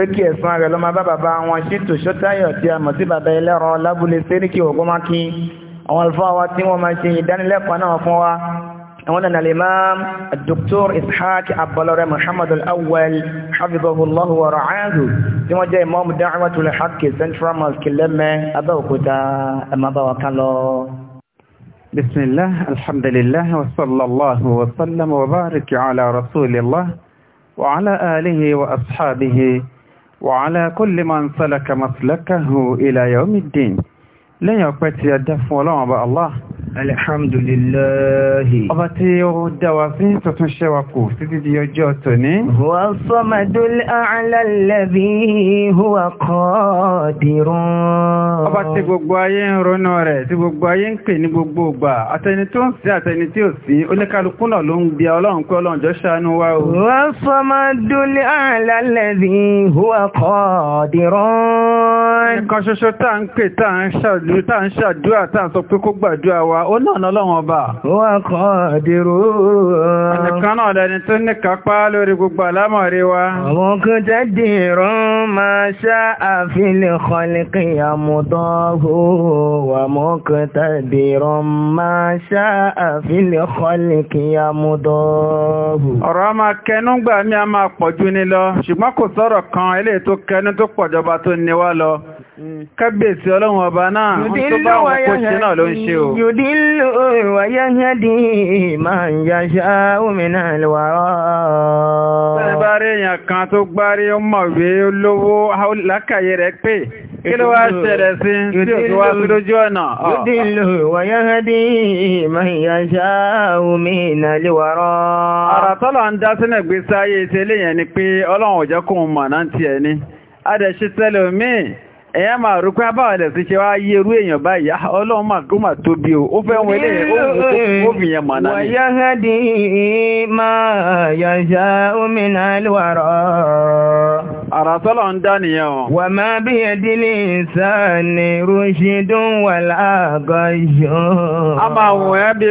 pé kí ẹ̀sùn rẹ̀ ló máa bá bàbá wọn ṣètò ṣótáyọ̀ tí a mọ̀ sí bàbá ẹlẹ́rọ lábúlé séríkì ògbómákí àwọn alfáà wa tí wọ́n máa ṣe ìdánilẹ́kọ̀ọ́ náà fún wa àwọn náà al-imam dr ishaq abbalore muhammad al-awwal hafizahullahu wa ra'ahu tí wọ́n jẹ́ imam da'watul haqq central mosque lẹ́mẹ́ abẹ́òkúta ẹ̀mọ́báwa kan lọ. bismillah alhamdulillah wa وعلى كل من سلك مسلكه إلى يوم الدين لن يقبت يدفع الله Alhamdulillahi. Ọba tí ó dáwà sí tuntun ṣẹwà kò títí di ọjọ́ tò ní. Huwa Samadul A'la alladhi huwa qadirun. Ọba tí gbogbo ayé ń ronú rẹ̀ tí gbogbo ayé ń pè ní gbogbo ìgbà. Àtẹni tó ń sí àtẹni tí ò sí, oníkálukú náà ló ń bí ọlọ́run pé ọlọ́run jọ wa o. Huwa Samadul A'la huwa qadirun. Ẹ̀kan ṣoṣo tá à ń pè tá à ń ṣàdúrà wa ó náà lọ́wọ́n ọba. Wà kọ́ àdìrò. Ẹnìkan náà lẹni tó ní kápá lórí gbogbo àlámọ̀rí wa. Àwọn kan tẹ́ dìrò máa ṣá àfilẹ̀ kọlẹ̀kì àmúdọ́gbò. Wà mọ́ kan tẹ́ dìrò máa ṣá àfilẹ̀ kọlẹ̀kì àmúdọ́gbò. Ọ̀rọ̀ a máa kẹnu gbà mí a máa pọ̀jú ni lọ, ṣùgbọ́n kò sọ̀rọ̀ kan eléyìí tó kẹnu tó pọ̀jọba tó ní wá lọ kábíyèsí ọlọ́run ọba náà tó bá wọn kò ṣe náà ló ń ṣe o. yòdìlò wáyáyádì máa ń yáṣá òmìnira ìlúwà ọ́. sẹ́ni bá rí èèyàn kan tó gbárí ó mọ̀wé olówó lákàyè rẹ̀ pé kí ló wá ṣẹlẹ̀ sí tí ó wá sí lójú ọ̀nà. yòdìlò wáyáyádì máa ń yáṣá òmìnira ìlúwà ọ́. àrà tọ́lọ̀ ń dá sínú ìgbésí ayé ti eléyẹn ni pé ọlọ́run ò jẹ́ kóun mọ̀ náà tiẹ̀ ni. a dẹ̀ ẹ̀yà máa rú pé àbáwà sí ṣe wá yé irú èèyàn báyìí ah, ọlọ́run máa kó máa tó bí o ó fẹ́ wọn ilé òfìyàn ni wọ́n máa sọ́lọ̀ ń dá nìyẹn wà máa bí wà a máa wọ̀n ẹ́ bí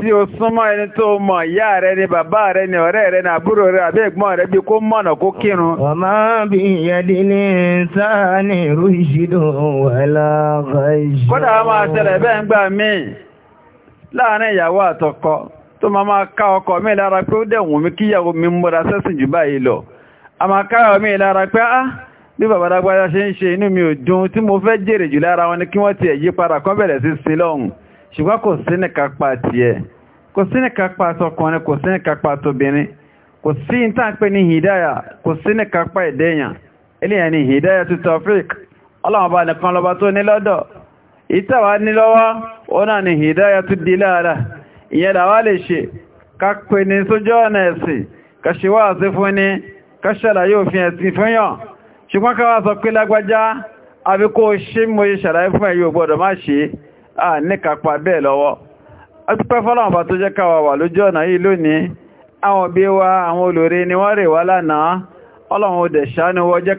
tí o súnmọ́ ẹni tó mọ̀ ìyá rẹ ni bàbá rẹ ni ọ̀rẹ́ rẹ ni àbúrò rẹ àbí rẹ bí kó múṣìdùn aláàbáyìí. kódà a máa tẹ̀lẹ̀ bẹ́ẹ̀ ń gbà míì láàrin ìyàwó àtọkọ tó máa máa ká ọkọ mi lára pé ó dẹ̀wọ̀n mi kíyàwó mi múra sẹ́sìn jù báyìí lọ a máa káyọ̀ mi ah, ni kí wọ́n ti ẹ̀yí padà kan bẹ̀rẹ̀ sí sí lọ́hùn ṣùgbọ́n kò sí nìkan pa tiẹ̀ kò sí nìkan pa tọkùnrin kò sí nìkan pa tóbìnrin kò sí ní tàǹpẹ́ ní hìdáyà kò sí nìkan pa ìdẹ́yàn eléyàn ni hìdáyà tó tọ́fíìkì ọlọ́wọ́n bá nìkan lọba tó ní lọ́dọ̀ ìtàwà ní lọ́wọ́ ni hìdáyà tó di láàrá ìyẹn làwá lè ṣe kápẹ ní sójọ́ ọ̀nà ẹ̀sìn kàṣíwá àti fún ní kàṣàlà yóò fi ẹ̀sìn fún yàn ṣùgbọ́n káwà sọ pé lágbájá àbí kó ṣe mọ́ yí ṣàlàyé fún ẹ̀yìn ògbọ́dọ̀ má ṣe à ní kápá bẹ́ẹ̀ lọ́wọ́ ni wọ́n rè wá lánàá ọlọ́run ò dẹ̀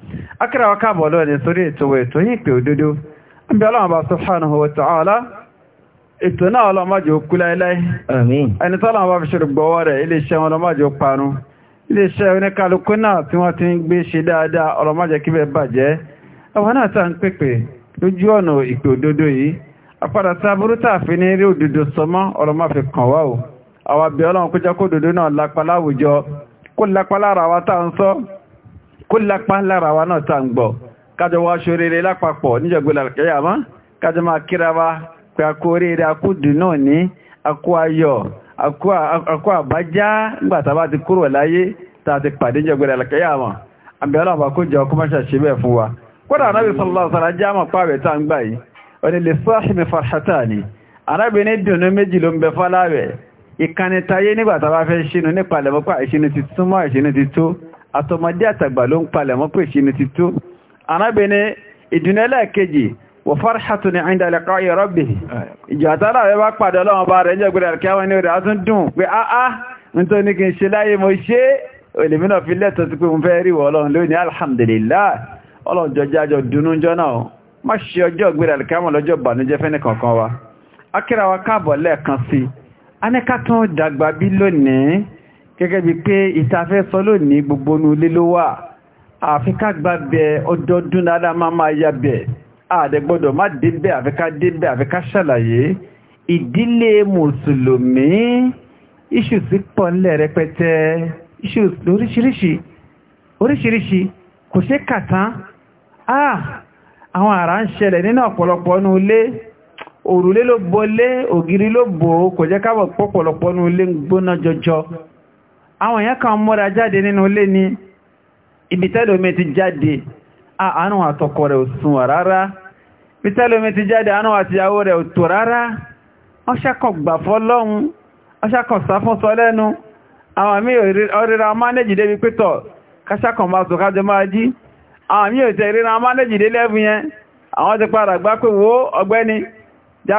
akírawa káàbọ̀ lọ́ni sórí ètò ètò yìí pè òdodo ń bí bá subhanahu wa ta'ala ètò náà ọlọ́mọ́jọ kú láíláí ẹni tọ́lọ́run bá fi ṣe gbọ́wọ́ rẹ̀ iléeṣẹ́ ọlọ́mọ́jọ panu iléeṣẹ́ oníkálukú náà tí wọ́n ti ń gbé ṣe dáadáa ọlọ́mọ́jọ kí bẹ bàjẹ́ àwọn náà tá ń pèpè lójú ọ̀nà ìpè òdodo yìí apáda tá burú ọlọ́run kó jẹ́ kó òdodo náà lápá láwùjọ kó lápá lára wa tá ń sọ kó lápá lára wa náà tà ń gbọ́ kájọ wá ṣorere lápapọ̀ níjọ̀gbọ́lá kẹyàmá kájọ máa kíra wa pé akó oríire akúdù náà ní akó ayọ̀ akó àbájá nígbàtà bá ti kúrò láyé tà ti pàdé níjọ̀gbọ́lá kẹyàmá àbí ọlọ́ọ̀bá kó jẹ́ ọkọ́ máṣà ṣe bẹ́ẹ̀ fún wa kódà anábì sallallahu alaihi wasallam jáàmà pààrẹ̀ tá ń fẹ́ ṣínú nípa lẹ́mọ́pá ìṣínú ti túmọ̀ ìṣínú ti tó àtọmọdé àtàgbà ló ń palẹ̀ mọ́ pé ṣíni ti tó arábìnrin ìdúnẹ́lẹ̀ kejì wọ fárṣàtò ní àìdàlẹ̀kọ́ ìrọ́bì ìjọ àtàrà rẹ̀ bá pàdé ọlọ́wọ́n bá rẹ̀ jẹ́gbẹ̀rẹ̀ kíáwọn ní rẹ̀ átún dùn pé áá ah, ń ah, tó alhamdulillah ọlọ́run jọjá jọ dunú jọ náà má ṣe ọjọ́ ìgbéra kíáwọn lọ́jọ́ bànújẹ́ fẹ́ni kankan wa gẹ́gẹ́ bí pé ìtafẹ́ sọ lónìí gbogbo onú ilé ló wà àfíká gba bẹ ọdọọdún dáadáa máa máa ya bẹ àdẹ́gbọ́dọ̀ má débẹ̀ àfíká débẹ̀ àfíká ṣàlàyé ìdílé mùsùlùmí iṣu sí pọ̀ rẹpẹtẹ iṣu oríṣiríṣi oríṣiríṣi kò ṣe kàtán ah àwọn àrá ń ṣẹlẹ̀ nínú ọ̀pọ̀lọpọ̀ ọnú ilé òrùlé ló bọlé ògiri ló bò kò jẹ́ káwọ̀ pọ̀pọ̀lọpọ̀ ọnú ilé ń gbóná jọjọ àwọn èèyàn kan múra jáde nínú ilé ní ibi tẹ́lómi ti jáde àánú àtọkọ rẹ̀ ò sùn wà rárá ibi tẹ́lómi ti jáde àánú àtìyàwó rẹ̀ ò rárá ọṣẹ́kọ̀ gbà fọ́lọ́hun ọṣẹ́kọ̀ sáfọ́sọ lẹ́nu àwọn àmì òrìra mánéjì débi pẹ́tọ̀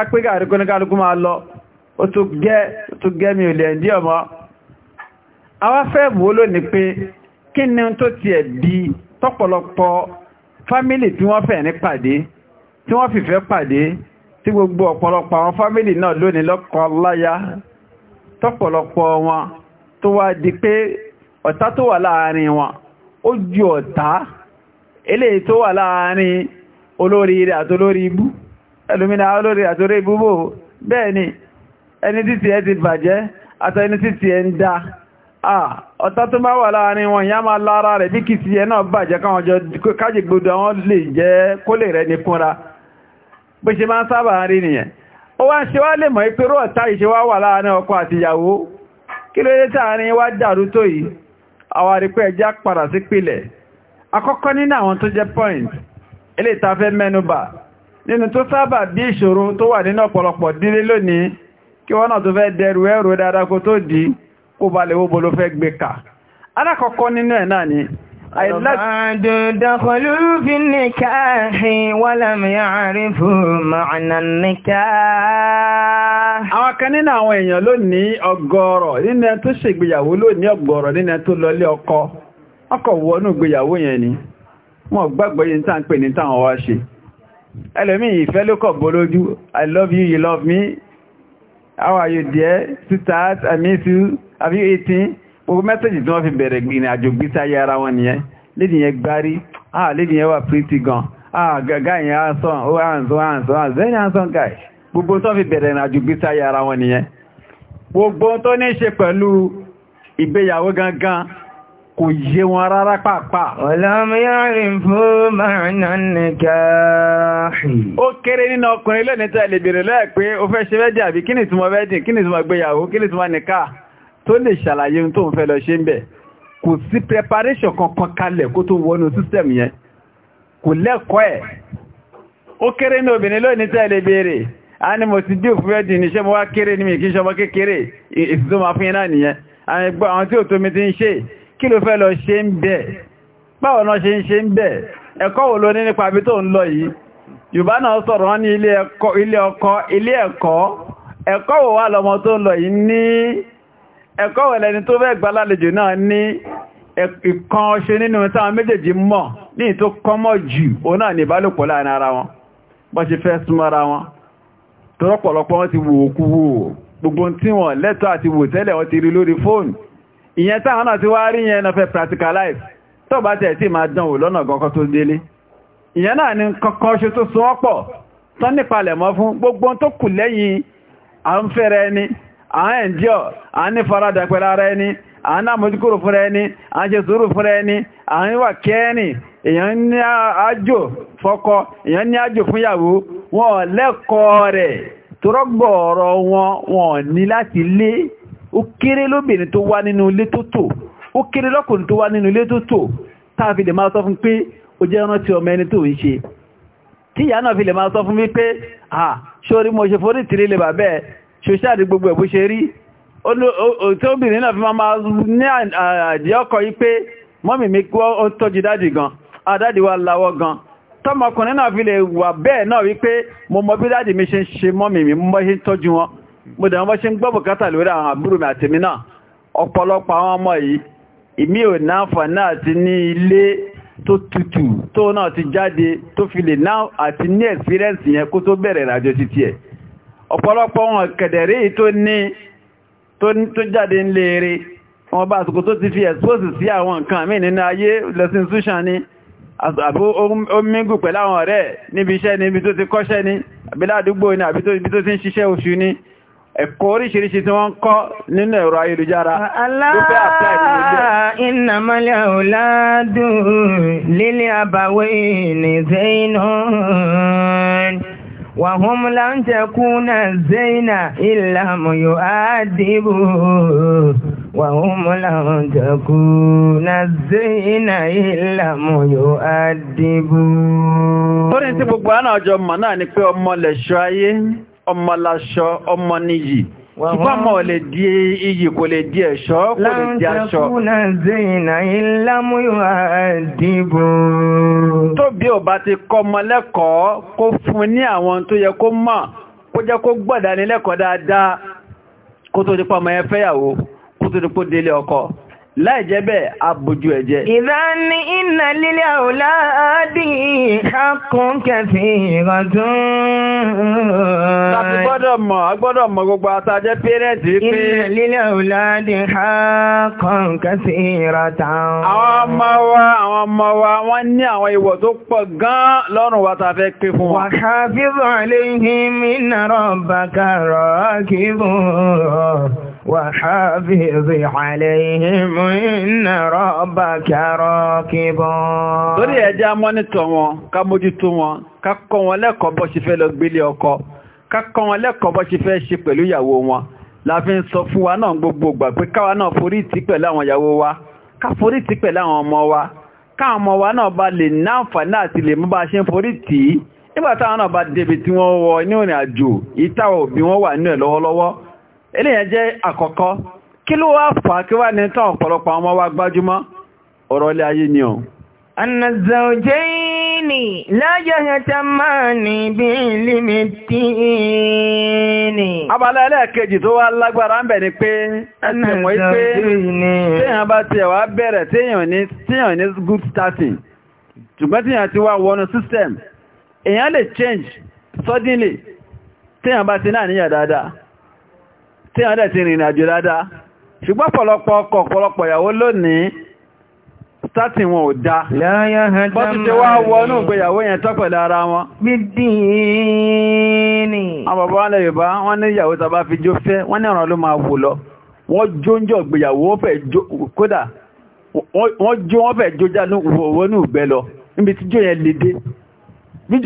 ti máa lọ ó tún gẹ́ mi ò lè ẹ̀ndí ọmọ àwa fẹ́ wò lónìí pé kí ni tó tiẹ̀ di tọ́pọ̀lọpọ̀ fámílì tí wọ́n fẹ́ ní pàdé tí wọ́n fìfẹ́ pàdé tí gbogbo ọ̀pọ̀lọpọ̀ àwọn fámílì náà lónìí lọ́kọ láya tọ́pọ̀lọpọ̀ wọn tó wá di pé ọ̀tá tó wà láàárín wọn ó ju ọ̀tá eléyìí tó wà láàárín olórí rẹ̀ àtolórí ibú ẹlòmínà olórí àtolórí ibú bò bẹ́ẹ̀ ni ẹni títí ẹ ti bàjẹ́ àtẹni títí ẹ ń dáa Ah, ọ̀tá tó máa wà láàrin wọn ìyá máa lára rẹ̀ bí kìí sí ẹ náà bàjẹ́ káwọn jọ kájì gbogbo àwọn lè jẹ́ kó lè rẹ̀ ní kúnra bó ṣe máa sábà rí nìyẹn ó wá ń ṣe wá lè mọ̀ ìpérò ọ̀tá ìṣe wá wà láàrin ọkọ àti ìyàwó point eléyìí tá fẹ́ mẹ́nubà nínú tó sábà bí ìṣòro tó wà nínú ọ̀pọ̀lọpọ̀ dílé lónìí kí wọ́n náà tó fẹ́ dẹrù ẹrù dáadáa kó tó dìí kó balẹ̀ owó bolo fẹ́ gbé ká alákọ̀ọ́kọ́ nínú ẹ̀ náà ni àwọn kan nínú àwọn èèyàn lónìí ọgọ́rọ̀ nínú ẹ tó ṣègbéyàwó lónìí ọgọ́rọ̀ nínú ẹ tó lọlé ọkọ ọkọ̀ wọnú ìgbéyàwó yẹn ni wọ́n gbàgbọ́ yìí tàn pè ìfẹ́ ló kọ̀ bolójú i love you you love me how are you dear sisters i miss you àbí 18 gbogbo mẹ́sẹ̀jì tí wọ́n fi bẹ̀rẹ̀ ìrìn àjò gbísí ayé ara wọn nìyẹn lédìí yẹn gbárí ah lédìí yẹn wà pretty gan ah gàgá yẹn handsome oh handsome handsome handsome very handsome guy gbogbo tó fi bẹ̀rẹ̀ ìrìn àjò gbísí ayé ara wọn nìyẹn gbogbo tó ní ṣe pẹ̀lú ìgbéyàwó gangan kò yé wọn rárá pàápàá. ọ̀làmúyàrin fún màánà nìkan. ó kéré nínú ọkùnrin lónìí tẹ́lẹ̀ bèrè lẹ́ẹ̀ pé ó fẹ́ ṣe fẹ́ jẹ́ àbí kí ni ìtumọ̀ wedding kí ni ìtumọ̀ gbéyàwó kí ni ìtumọ̀ nìkan tó lè ṣàlàyé tó ń fẹ́ lọ ṣe ń bẹ̀ kò sí preparation kankan kalẹ̀ kó tó wọnú system yẹn kò lẹ́kọ̀ọ́ ẹ̀ ó kéré ní obìnrin lónìí tẹ́lẹ̀ béèrè a ní mo ti dí òfin ẹ̀dì níṣẹ́ mo wá kéré ní mi kí ṣọmọ kékeré èsì tó fún iná nìyẹn ẹ̀kọ́ wo ló ní tó ń lọ yìí ní ẹ̀kọ́ wẹ̀lẹ̀ ni tó fẹ́ gbalálejò náà ní ìkan ọṣe nínú táwọn méjèèjì mọ̀ ní tó kọ́mọ̀ jù òun náà ní ìbálòpọ̀ láàrin ara wọn bó ṣe fẹ́ súnmọ́ra wọn tọ́rọpọ̀lọpọ̀ wọn ti wò ókú wò gbogbo tí wọ́n lẹ́tọ́ àti wò tẹ́lẹ̀ wọ́n ti rí lórí fóònù ìyẹn táwọn náà ti wá rí yẹn náà fẹ́ practicalize tó bá tẹ̀ tí máa dánwò lọ́nà gọ́kọ́ tó délé ìyẹn náà ni kankan ṣe tó sún ọ́pọ̀ tán nípalẹ̀mọ́ fún gbogbo tó kù lẹ́yìn à ń fẹ́rẹ́ ẹni àwọn ẹ̀njọ́ àwọn ní faradà pẹ̀lú ara ẹni a náà mọ́júkúrò fúnra ẹni àwọn ṣe sùúrù fúnra ẹni àwọn wà kẹ́ẹ̀ni èyàn ní àjò fọ́kọ èyàn ní àjò fúnyàwó wọn lẹ́kọ̀ọ́ rẹ̀ tọ́rọgbọ̀ọ̀rọ̀ wọn wọn ní láti lé ó kéré lóbìnrin tó wá nínú ilé tó tò ó kéré lọ́kùnrin tó wá nínú ilé tó tò fi lè máa sọ fún pé ó jẹ́ ọmọ ẹni tó ń ṣe tí ìyá náà fi lè máa ṣòṣàdì gbogbo ẹ̀bú ṣe rí tí náà fi máa máa ní àjẹ́ ọkọ̀ yí pé mọ́mì mi kí ó tọ́jú dádì gan àdádì wa láwọ́ gan tọ́mọkùnrin náà fi lè wà bẹ́ẹ̀ náà wípé mo mọ bí dádì mi ṣe ń ṣe mọ́mì mi mọ́ ṣe ń tọ́jú wọn mo dẹ̀ mọ́ ṣe ń gbọ́ bùkátà lórí àwọn àbúrò mi àtèmi náà ọ̀pọ̀lọpọ̀ àwọn ọmọ yìí ìmí ò náfà náà ti ní ilé tó tutù tó náà ti jáde tó fi lè náà àti ní experience yẹn kó tó bẹ̀rẹ̀ ìrìnàjò títí ẹ̀ ọ̀pọ̀lọpọ̀ wọn kẹ̀dẹ̀rí tó ní tó jáde ń léèrè wọn bá àsìkò tó ti fi ẹ̀sọ́sì sí àwọn nǹkan àmì nínú ayé lẹ́sìn súnṣàn ni àbí omígù pẹ̀lú àwọn ọ̀rẹ́ níbi iṣẹ́ níbi tó ti kọ́ṣẹ́ ni àbí ni àbí tó ti ń ṣiṣẹ́ oṣù ni ẹ̀kọ́ oríṣiríṣi tí wọ́n kọ́ nínú ẹ̀rọ ayélujára innamal awladu lil abawayni وهم لن تكون الزينة إلا ميؤدبه وهم لن تكون الزينة إلا ميؤدبه Orin tí gbogbo àná mọ̀ náà ni pé ọmọ lẹ̀ṣọ́ ayé, ọmọ láṣọ, ọmọ níyì. Ìfọ́mọ̀ ò lè di iyì kò lè di ẹ̀ṣọ́ kò lè di aṣọ. Láńtẹ̀kúnà zèyìnà ìlàmúyà dìbò. Tóbi ò bá ti kọ́ ọmọ lẹ́kọ̀ọ́ kó fún ní àwọn tó yẹ kó mọ̀ kó jẹ́ kó gbọ́dà ní lẹ́kọ̀ọ́ dáadáa kó gbọ́dọ̀ mọ̀ agbọ́dọ̀ mọ̀ gbogbo àtàjẹ́ pẹ́rẹ́ntì pé lílẹ̀ òláàdì ha kan kẹsì ìrọ̀tàn àwọn ọmọ wa àwọn ọmọ wa wọ́n ní àwọn ìwọ̀ tó pọ̀ gan lọ́rùn wa ta fẹ́ pé fún wa Wàhábìbì àlẹ́yìn iná rọ́bà kẹrọ kíbọn. Lórí ẹjá mọ́nítọ̀ wọn, ká mójútó wọn, ká kọ́ wọn lẹ́kọ̀ọ́ bọ́ sí fẹ́ lọ gbélé ọkọ kákọ́ wọn lẹ́kọ̀ọ́ bọ́ ṣe fẹ́ ṣe pẹ̀lú ìyàwó wọn la fi ń sọ fún wa náà gbogbo ìgbà pé káwa náà forí tì pẹ̀lú àwọn ìyàwó wa ká forí tì pẹ̀lú àwọn ọmọ wa káwọn ọmọ wa náà bá lè náǹfààní àti lè mú bá ṣe ń forí tì í nígbà táwọn náà bá débi tí wọ́n wọ ní ìrìn àjò ìta òbí wọn wà nínú ẹ̀ lọ́wọ́lọ́wọ́ eléyẹn jẹ́ àkọ́kọ́ kí ló wá fà á kí wá ní tán ọ̀pọ̀lọpọ̀ àwọn ọmọ wa gbájúmọ́ ọ̀rọ̀ ilé ayé ni ọ̀. ànàzà òjẹ́ yìí الدين لا يهتمان بعلم الدين abala ẹlẹ́ẹ̀kejì tó wá lágbára ń bẹ̀ ni pé ẹ̀sìn wọ́n pé bá tiẹ̀ wá bẹ̀rẹ̀ tíyàn ní good starting ṣùgbọ́n téèyàn ti wá wọnú system èèyàn lè change suddenly téèyàn bá ti náà níyà dáadáa dẹ̀ ti rìnrìn àjò dáadáa ṣùgbọ́n pọ̀lọpọ̀ pọ̀lọpọ̀ ìyàwó lónìí starting wọn ò dá bọ́tí tí wá wọnú yẹn l'ara wọn bídíní àwọn wọ́n ní ìyàwó tàbá fi jó fẹ́ wọ́n ní ló máa wò lọ wọ́n jó ń jọ ìgbéyàwó fẹ́ jó kódà wọ́n jó wọ́n fẹ́ jó já lọ níbi tí jó yẹn lè dé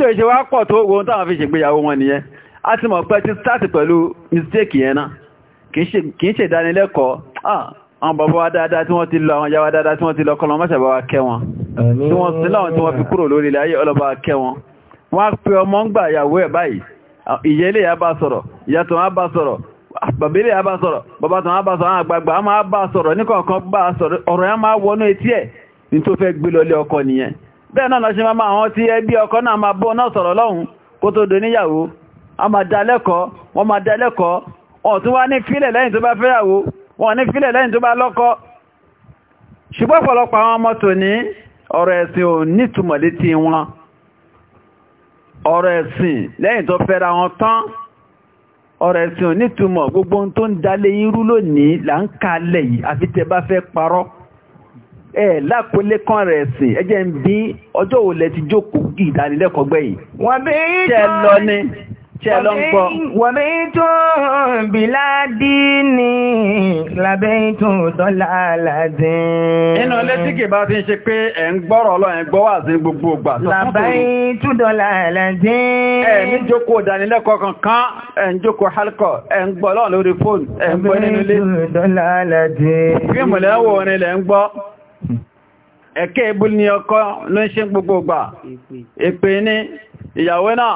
tó wọn táwọn fi wọn nìyẹn a ti mọ̀ pé ti start pẹ̀lú mistake yẹn àwọn bàbá wa dáadáa tí wọ́n ti lọ àwọn yàwá dáadáa tí wọ́n ti lọ kọlọ mọ́ṣà bá wa kẹ́ wọn tí wọ́n sí láwọn tí wọ́n fi kúrò lórí ilẹ̀ ayé ọlọ́bà kẹ́ wọn wọ́n á pe ọmọ ń gbà ìyàwó ẹ̀ báyìí ìyẹ́lẹ̀ yà bá sọ̀rọ̀ ìyàtọ̀ wọn bá sọ̀rọ̀ bàbílẹ̀ yà bá sọ̀rọ̀ bàbá tó wọn bá sọ̀rọ̀ àwọn àgbààgbà á máa wọ́n máa dá ọ̀tún wá ní fílẹ̀ lẹ́yìn tó bá fẹ́yàwó wọ́n ní fílẹ̀ lẹ́yìn tó bá lọ́kọ ṣùgbọ́n ọ̀pọ̀lọpọ̀ àwọn ọmọ tò ní ọ̀rọ̀ ẹ̀sìn ò nítumọ̀ létí wọn ọ̀rọ̀ ẹ̀sìn lẹ́yìn tó fẹ́ra wọn tán ọ̀rọ̀ ẹ̀sìn ò nítumọ̀ gbogbo ohun tó ń dalé irú lónìí là ń kalẹ̀ yìí àfi tẹ́ bá fẹ́ parọ́ ẹ lákòólé kan rẹ̀ sìn ẹ jẹ́ ń bí ọjọ́ òlẹ̀ ti jókòó ìdánilẹ́kọ̀ọ́gbẹ́ yìí. wọ́n bí í jọ tí ẹ lọ ń gbọ́. wọ̀bẹ̀ tó bìlá dí ní lábẹ́ tó dọ́là aládé. inú ilé tí kì bá ti ń ṣe pé ẹ̀ ń gbọ́rọ̀ lọ ẹ̀ gbọ́ wà sí gbogbo ìgbà. lábẹ́ tó dọ́là aládé. ẹ ní jókòó ló ń ṣe gbogbo ìgbà èpè ní ìyàwó náà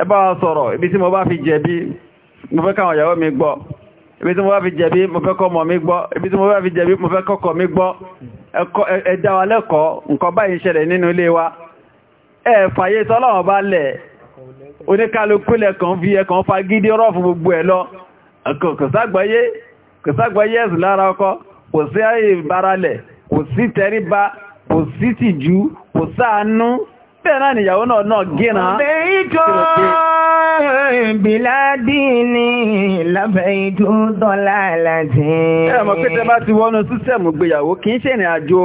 ẹ bá wọn sọ̀rọ̀ ibi tí mo bá fi jẹ̀bi mo fẹ́ káwọn ìyàwó mi gbọ́ ibi tí mo bá fi jẹ̀bi mo fẹ́ kọ́ ọmọ mi gbọ́ ibi tí mo bá fi jẹ̀bi mo fẹ́ kọ́kọ́ mi gbọ́ ẹ dá wa lẹ́kọ̀ọ́ nǹkan báyìí ń ṣẹlẹ̀ nínú ilé wa ẹ fàyè tọ́lọ́wọ́n bá lẹ̀ bẹ́ẹ̀ náà nìyàwó náà náà gíná bíládìní lábẹ́ ìjú bá ti wọnú sísẹ̀mù gbéyàwó kì í ṣe ìrìn àjò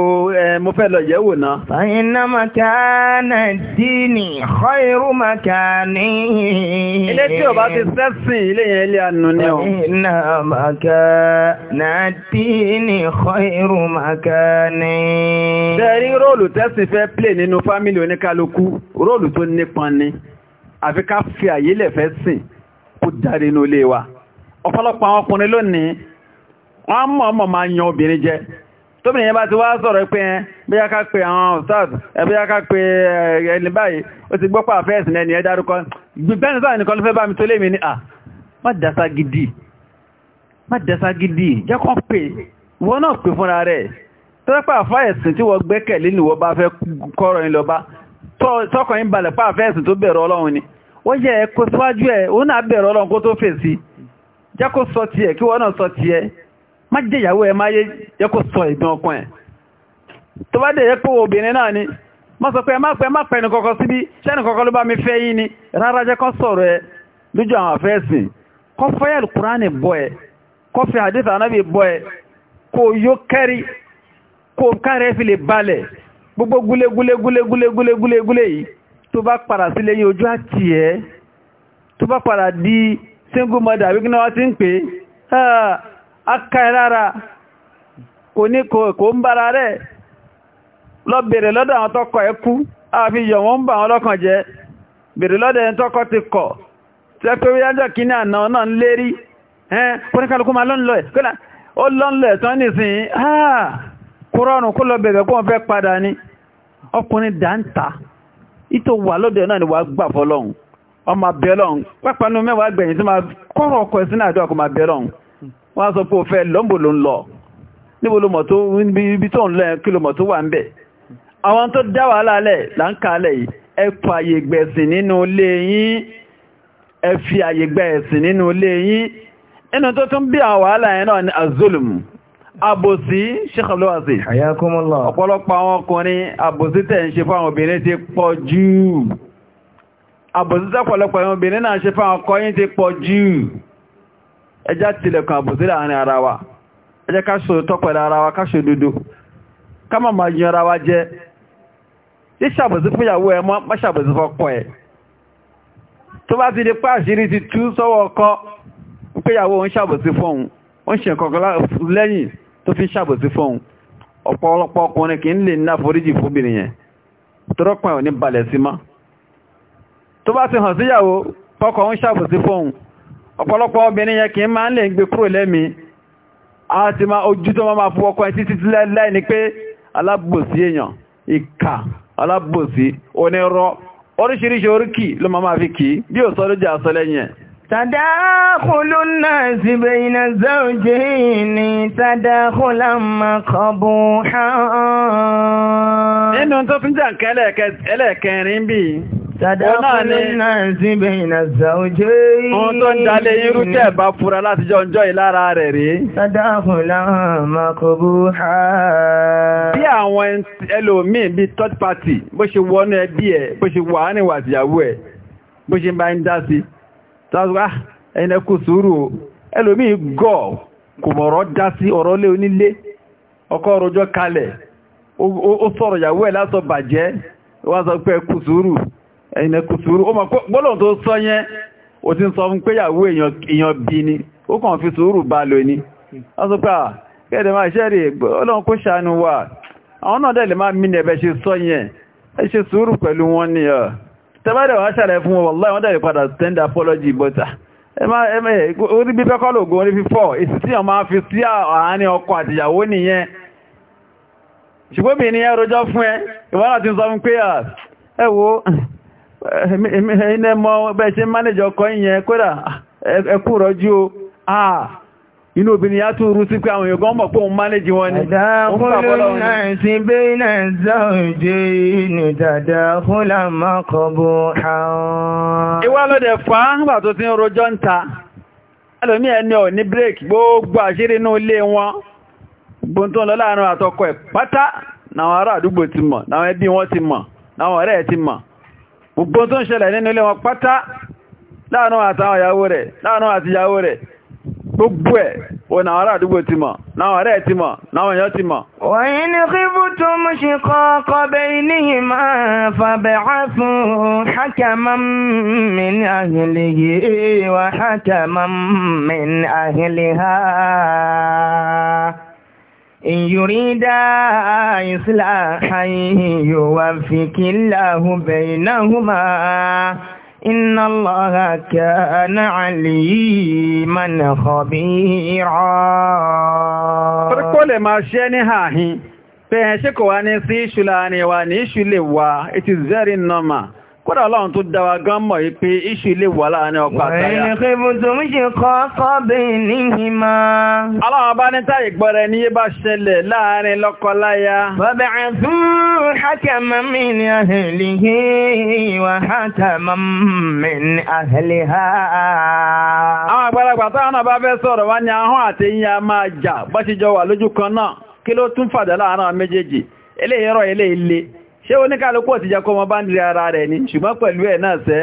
mo fẹ́ lọ yẹ̀wò náà. fàyínà màkàánà ti sẹ́sìn ilé yẹn ilé àánú ni o. fàyínà màkàánà dínì kọ́ irú màkàánì. bẹ́ẹ̀ rí róòlù tẹ́sìn fẹ́ kálukú róòlù tó nípọn ni àfi ká fi àyè lẹ̀fẹ́ sìn kó darí inú ilé wa ọ̀pọ̀lọpọ̀ àwọn ọkùnrin lónìí wọ́n mọ̀ ọmọ máa yan obìnrin jẹ tóbi yẹn bá ti wá sọ̀rọ̀ pé ẹ bóyá ká pe àwọn ọ̀sáàdù ẹ bóyá ká pe ẹni báyìí ó ti gbọ́pọ̀ àfẹ́ẹ̀sì ẹni ẹ dárúkọ gbẹ́ni sáà nìkan ló fẹ́ bá mi tó lé ní à má dasa gidi má dasa gidi jẹ́ kọ́ pé wọ́n náà pè fúnra rẹ̀ tọ́lọ́pàá àfáẹ̀sìn tí wọ́n gbẹ́kẹ̀lé ni wọ́n bá fẹ́ kọ́rọ̀ yín lọ tọ́kàn ń balẹ̀ pàá fẹ́ẹ̀sì tó bẹ̀rọ ọlọ́run ni ó yẹ ẹkọ́ síwájú ẹ̀ ó náà bẹ̀rọ ọlọ́run kó tó fèsì jẹ́ kó sọ ti ẹ̀ kí wọ́n náà sọ ti ẹ̀ má jẹ́ ìyàwó ẹ má yẹ kó sọ ìdán ọkàn ẹ̀ tó bá dẹ̀ yẹ pé obìnrin náà ni má sọ pé ẹ má pẹ́ má pẹ́ni kọ́kọ́ síbi sẹ́ni kọ́kọ́ ló bá mi fẹ́ yín ni rárá jẹ́ sọ̀rọ̀ ẹ lójú àwọn àfẹ́sìn kó fẹ́ alukurani bọ́ ẹ kó fi hadith anabi bọ́ ẹ kó yó kẹ́rí kó kárẹ́ fi lè balẹ̀ gbogbo gúlégúlégúlégúlégúlégúlé yìí tó bá padà sílé yìí ojú àti ẹ́ tó bá padà di single mother wíkí náà ti ń pè áká ah, ẹ lára kò ní kò ń bára rẹ̀ lọ bèèrè lọ́dọ̀ àwọn tọ́kọ ẹ kú àfi yọ̀ wọ́n ń bà wọn lọ́kàn jẹ́ bèèrè lọ́dọ̀ ẹni tọ́kọ ti kọ̀ tẹ́ pé wíyájọ́ kí ní àná náà ń lérí ẹ́n máa lọ́nlọ́ ẹ̀ kó lọ́nlọ́ ẹ̀ tán nìsín ah, kúrọ̀rùn kó lọ bẹ̀rẹ̀ kó wọ́n fẹ́ padà ni ọkùnrin dáńtà ìtò wà lọ́dọ̀ náà ni wà gbà fọ́lọ́hun ọmọ abẹ́lọ́hun pápánú mẹ́wàá gbẹ̀yìn tí máa kọ́rọ̀ ọkọ̀ sínú àjọ ọkọ̀ abẹ́lọ́hun wọ́n á sọ pé o fẹ́ lọ́mbò ló ń lọ níbo ló mọ̀ tó ibi tó ń lọ kí ló mọ̀ tó wà ń bẹ̀ àwọn tó dá wàhálà lẹ̀ là ń kalẹ̀ yìí ẹ pa àyè gbẹ̀sìn nínú ilé yín ẹ fi àyè gbẹ̀sìn nínú ilé yín inú tó tún àbòsí ṣẹ́kọ̀lọ́wàsí Hayyakumullah ọ̀pọ̀lọpọ̀ àwọn ọkùnrin àbòsí tẹ̀ ń ṣe fáwọn obìnrin ti pọ̀ jù àbòsí tẹ́pọ̀lọpọ̀ àwọn obìnrin náà ṣe fáwọn ọkọ̀yìn ti pọ̀ jù ẹjá tilẹ̀kùn àbòsí láàrin ara wa ẹjẹ́ káṣò tọ́pẹ̀lẹ̀ ara wa káṣò dúdú ká má máa yan ara wa jẹ ṣíṣàbòsí fún ìyàwó ẹ má tó fi ṣàbòsí fóun ọ̀pọ̀lọpọ̀ ọkùnrin kì í lè ní àforíjì fóbìnrin yẹn tọ́rọpọ̀ ò ní balẹ̀ sí má tó bá ti hàn síyàwó pọ́kọ̀ ń ṣàbòsí fóun ọ̀pọ̀lọpọ̀ obìnrin yẹn kì máa ń lè gbé kúrò lẹ́mi a ti máa ojú tó máa fún ọkọ̀ títí láì ní pé alábòsí èèyàn ìkà alábòsí onírọ́ oríṣiríṣi oríkì ló máa fi kì bí ò sọ lójú àsọlẹ́yìn ẹ̀ تداخل الناس بين الزوجين تداخلا مقبوحا inú tó tún jẹ́ nǹkan ẹlẹ́ẹ̀kẹrin bí Tàdákùnlé náà sí bẹ̀yìnà zàójé. Oun tó ń dalé irú tẹ́ bá fura láti jọ ọjọ́ ìlara rẹ̀ rí. Tàdákùnlé àmàkòbó ha. Bí àwọn ẹlòmíì bí third party bó ṣe wọnú ẹbí ẹ, bó ṣe tàbí ẹ̀yìn ẹkù sùúrù ẹlòmí gọ̀ kò mọ̀rọ̀ dá sí ọ̀rọ̀ lé onílé ọkọ rojọ́ kalẹ̀ ó sọ̀rọ̀ ìyàwó ẹ̀ lásọ bàjẹ́ wá sọ pé ẹkù sùúrù ẹ̀yìn ẹkù sùúrù ó mọ̀ gbọ́lọ̀ tó sọ yẹn ó ti ń sọ fún tẹ́bàdẹ̀ wá ṣàlẹ̀ fún wọn wọ́n dẹ̀ padà tender apology bọ́ta ah, orí bí pẹ́kọ́lù ogun orí fífọ́ èsì tí fi sí ọkọ àtìyàwó nìyẹn ní ẹrọjọ́ fún ẹ sọ fún pé ah, ẹ̀mẹ́ ọkọ inú obìnrin yá tún rú sí pé àwọn èèyàn mọ̀ pé òun mánéjì wọn ni ìwá lọ́dẹ̀ fà á na tó ti ń rojọ́ ń ta ẹlòmí ẹni ọ̀ ní bírèkì gbogbo àṣírí inú ilé wọn gbóhun tó ń lọ láàrin àtọkọ ẹ̀ pátá náwọn ará àdúgbò ti mọ̀ náwọn ẹbí wọn ti ti mọ̀ gbogbo tó ń ṣẹlẹ̀ nínú ilé wọn pátá láàrin àtàwọn ìyàwó rẹ̀ láàrin àti ìyàwó rẹ̀ gbogbo ẹ̀ o náà ará àdúgbò ti mọ̀ náà ọ̀rẹ́ ti mọ̀ náà èèyàn ti mọ̀. wọ̀nyí ni kíbù tó mú ṣe kọ́kọ́ bẹ níyìn máa fàbẹ̀ fún hákàmá ní àhìlì yìí wà hákàmá ní àhìlì ha. إن يريدا إصلاحا يوفق الله بينهما Inna Allaha kana aliman khabira. Fọ́rọ̀kọ́ lè máa ṣẹ́ ní ààhín, pẹ̀ẹ̀ ṣe kò wá ní sí ṣùlá ni wà ní it is very normal kódà ọlọ́run tó dáwà gan mọ̀ yí pé iṣu ilé wà láàrin ọkọ àtàyà. ẹ̀rìn pé bùtù ń ṣe kọ́kọ́ bí níhìn máa. ọlọ́run bá ní táyì gbọ́rẹ̀ ní yé bá ṣẹlẹ̀ láàrin lọ́kọláya. bàbá àtún hákàmà mi ní ahìlìhì náà bá fẹ́ sọ̀rọ̀ wá ní ṣé oníkàlùkù ti jẹ́ kó mọ bá ń rí ara rẹ̀ ni ṣùgbọ́n pẹ̀lú ẹ̀ náà sẹ́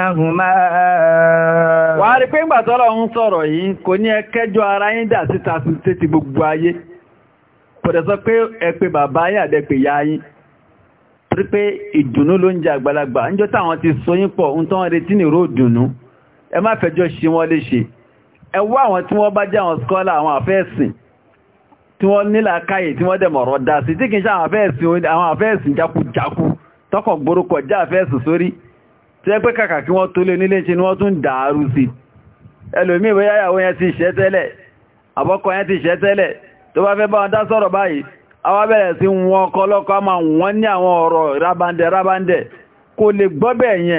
bainahuma. wà á rí pé ńgbà tọ́lọ̀ ń sọ̀rọ̀ yìí kò ní ẹkẹ́jọ ara yín dà síta sí títí gbogbo ayé kò dẹ̀ sọ pé ẹ pé bàbá yín àbẹ́ pé ya yín torí pé ìdùnnú ló ń jẹ àgbàlagbà ń jọ ti so yín pọ̀ ń tán retí nìró ìdùnnú ẹ má fẹjọ́ ṣe wọ́n léṣe ẹ wá àwọn tí wọ́n bá jẹ́ àwọn skọ́lá àwọn àfẹ́ẹ̀sìn tí wọ́n nílà káyè tí wọ́n dẹ̀ mọ̀rọ̀ dá sí tí kìí ṣe àwọn àfẹ́ẹ̀sìn jákújákú tọkọ̀ gborúkọ̀ já àfẹ́ẹ̀sìn sórí tí ẹ pé kàkà kí wọ́n tó lé nílé ṣe ni wọ́n tún dàárù sí ẹlòmí ìwé yáyàwó yẹn ti ṣẹ́ tẹ́lẹ̀ àbọ́kọ yẹn ti ṣẹ́ tẹ́lẹ̀ tó bá fẹ́ bá wọn dá sọ̀rọ̀ báyìí àwa bẹ̀rẹ̀ sí wọn kọlọ́kọ́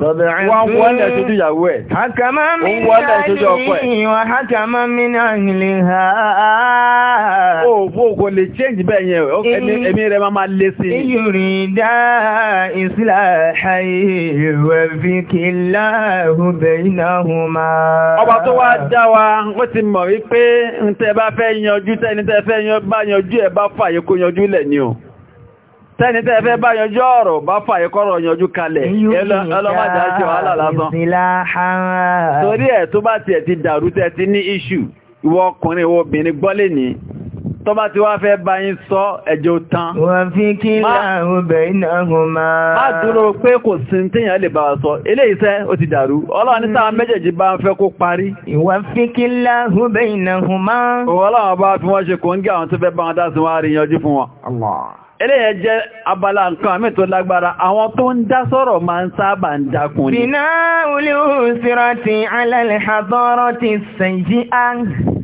Wọ́n wọ́lẹ̀ sójú ìyàwó ẹ̀. Hakama min ahlihi wa hakama min ahliha. Òòfò kò lè change bẹ́ẹ̀ yẹn, ẹ̀mí rẹ̀ máa lé sí. Yurida islahan yuwaffiqillahu baynahuma. Ọba tó wá dá wa, wọ́n ti mọ̀ wípé ń tẹ́ bá fẹ́ yanjú tẹ́ni tẹ́ fẹ́ yanjú ẹ̀ bá fàyè kó yanjú lẹ̀ ni o. tẹ́ni tẹ́ fẹ́ bá yanjú ọ̀rọ̀ bá fàyè kọ́rọ̀ yanjú kalẹ̀ ẹlọ́mọdájọ́ alálásán torí ẹ̀ tó bá tiẹ̀ ti dàrú tẹ́ ti ní ìwọ ọkùnrin ìwọ obìnrin ní tó bá ti wá fẹ́ bá yín sọ ẹjọ́ tán sọ ilé iṣẹ́ ó ti dàrú ọlọ́run ní sáà mm. méjèèjì bá ń fẹ́ kó parí ìwọ́n fi kí láàrùn náà hùn ọlọ́run bá eléyẹ jẹ́ abala nǹkan àmì tó lágbára àwọn tó ń dá sọ̀rọ̀ máa ń sábà ń dákun ní. bìnà olùsirati alẹ́lẹ́hàtọ́rọ́tì sẹ̀yí á.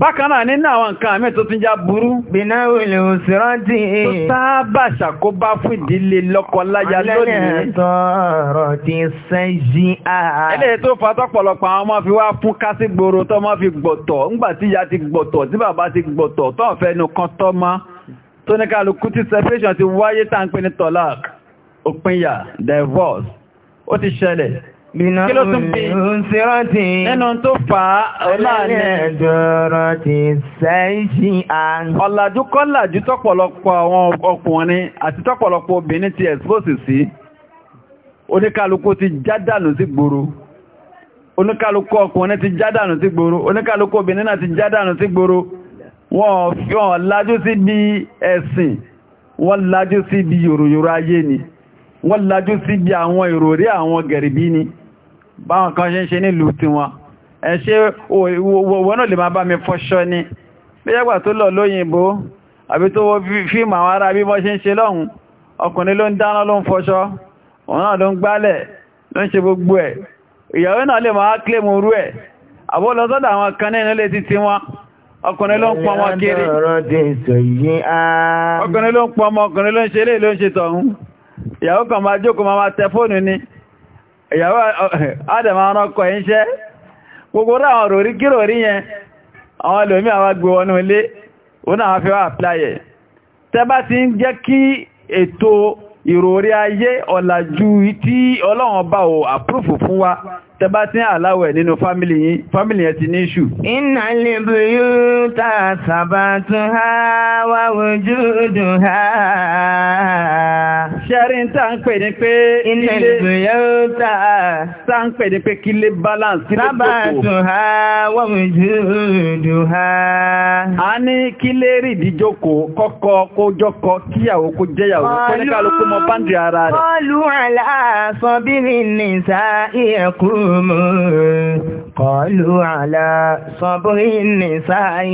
bákan náà nínú àwọn nǹkan àmì tó tún já burú. bìnà olùsirati. tó sábà ṣàkóbá fún ìdílé lọ́kọ-láya lónìí. alẹ́lẹ́hàtọ́rọ́tì sẹ̀yí á. eléyẹ tó fa tó ní kálukú tí separation ti wáyé tá ń ní tọ́lák òpinya divorce ó ti ṣẹlẹ̀ kí ló tún bí nínú tó fà á ọláàdọ́rọ̀ ti sẹ́ṣì àn ọ̀làjú kọ́làjú tọ́pọ̀lọpọ̀ àwọn ọkùnrin àti tọ́pọ̀lọpọ̀ obìnrin ti expose sí oníkálukú ti jádànù sí gbòòrò oníkálukú ọkùnrin ti jádànù sí gbòòrò oníkálukú obìnrin náà ti jádànù sí gbòòrò wọ́n fi hàn lájú sí bí ẹ̀sìn wọ́n lájú sí bí yòròyòrò ayé ni wọ́n lájú sí bí àwọn ìròrí àwọn gẹ̀rìbí ni báwọn kan ṣe ń ṣe nílùú tiwọn ẹ ṣé wọ́n lè máa bá mi fọṣọ ni pẹ́yẹ́gbà tó lọ lóyìnbó àbí tó fíìmù àwọn ará bí wọ́n ṣe ń ṣe lọ́hùn ọkùnrin ló ń dáná ló ń fọṣọ òun náà ló ń àwọn kan nínú ilé títí wọn ọkùnrin ló ń pọ ọmọ kiri ọkùnrin ló ń pọ ọmọ ọkùnrin ló ń ṣe léè ló ń ṣe tọ̀hún ìyàwó kan máa jókòó máa tẹ fóònù ni ìyàwó adẹ̀mà ọ̀rọ̀kọ̀ ẹ̀ ń ṣẹ́ gbogbo ráwọn ròrí kírò rí yẹn àwọn lòmí àwọn gbé wọnú ilé òun àwọn fi wá àpláyẹ̀ tẹ́ bá ti ń jẹ́ kí ètò ìròrí ayé ọ̀làjú tí ọlọ́run bá ò àpúrùfù fún wa tẹba tí àláwẹ̀ nínú fámílì yìí fámílì yẹn ti ní ṣù. iná lè búrú ta sàbà tún ha wà wùjú dùn ha. ṣẹ́rin tá ń pè ní pé iná lè búrú ta tá ń pè ní pé kí lè balance kí lè kókò. sàbà tún ha wà wùjú dùn ha. a ní kí lè rí ìdíjókò kọ́kọ́ kó jọ́kọ́ kíyàwó kó jẹ́yàwó kó ní kálukú mọ báńdì ara rẹ̀. kọlu àlàsọ bí mi nìsa ìyẹ̀kú. يقومون قالوا على صبر النساء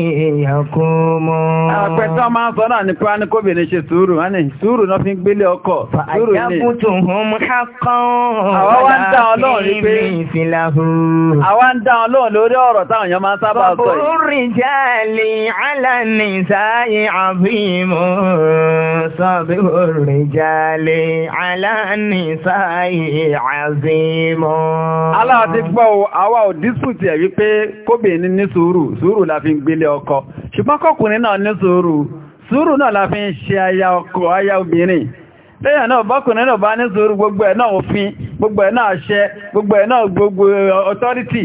يقومون Àpẹta máa sọ náà nípa ní kó bèèrè ṣe sùúrù, wọ́n ni sùúrù náà fi ń gbélé ọkọ̀. Sùúrù ni. Àjẹ́kùtùhùn ṣàkán. Àwa wá ń dá ọlọ́run ní aláàdí gbọ́ o àwa ò dísùtì ẹ̀ wípé kóbìnrin ní sùúrù sùúrù la fi ń gbélé ọkọ ṣùgbọ́n kọkùnrin náà ní sùúrù sùúrù náà la fi ń ṣe aya ọkọ aya obìnrin lẹ́yìn náà bọ́kùnrin náà bá ní sùúrù gbogbo ẹ̀ náà òfin gbogbo ẹ̀ náà àṣẹ gbogbo ẹ̀ náà gbogbo eh, authority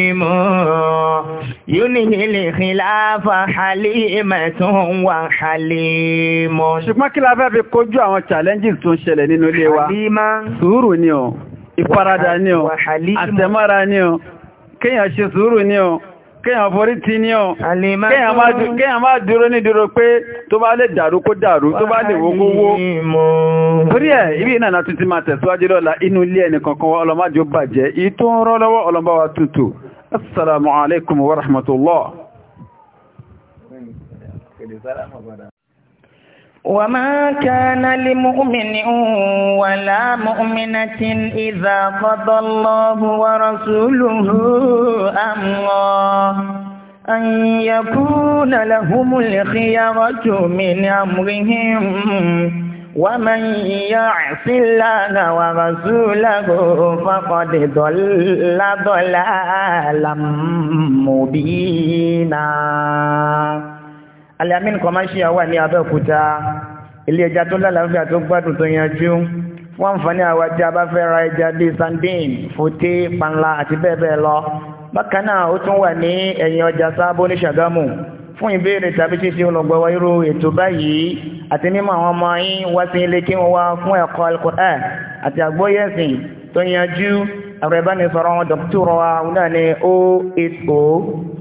حليم ينهي الخلاف حليمة وحليم ṣùgbọ́n kí la fẹ́ fi kojú àwọn challenges tó ń ṣẹlẹ̀ nínú ilé wa sùúrù ni o ìfaradà ni o àtẹ̀mọ́ra ni o kéèyàn ṣe sùúrù ni o kéèyàn forí ti ní ọ̀ kéèyàn máa dúró ní dúró pé tó bá lè dàrú kó dàrú tó bá lè wó kó wó torí ẹ̀ ibi ìnà náà tún máa tẹ̀síwájú lọ́la inú ilé ẹnìkankan ọlọ́májú bàjẹ́ ìtò ń rọ́ lọ́wọ́ ọlọ́mbáwá tútù السلام عليكم ورحمة الله وما كان لمؤمن ولا مؤمنة إذا قضى الله ورسوله أمرا أن يكون لهم الخيرة من أمرهم ومن يعص الله ورسوله فقد ضل ضلالا مبينا Al-Amin commercial wà ní Abẹ́òkúta ilé ẹja tó lálàáfíà tó gbádùn tó yanjú wọ́n ń fa ní àwọn ajá bá fẹ́ ra ẹja bíi sandin fòté panla àti bẹ́ẹ̀ bẹ́ẹ̀ lọ bákan náà ó tún wà ní ẹ̀yìn ọjà sábó ní Ṣàgámù fún ìbéèrè tàbí ṣíṣe olùgbọ̀wọ́ irú ètò báyìí àti mímọ̀ àwọn ọmọ yín wá sí ilé kí wọ́n wá fún ẹ̀kọ́ Al-Qur'an àti àgbóyẹ̀sìn tó yanjú ẹ̀rọ ìbánisọ̀rọ̀ àwọn dọ̀kítọ̀rọ̀ wa náà ní 080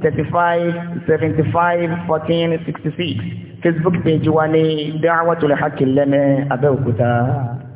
35 75 14 66 Facebook page wa ní Da'watul Haqq lẹ́nu Abẹ́òkúta.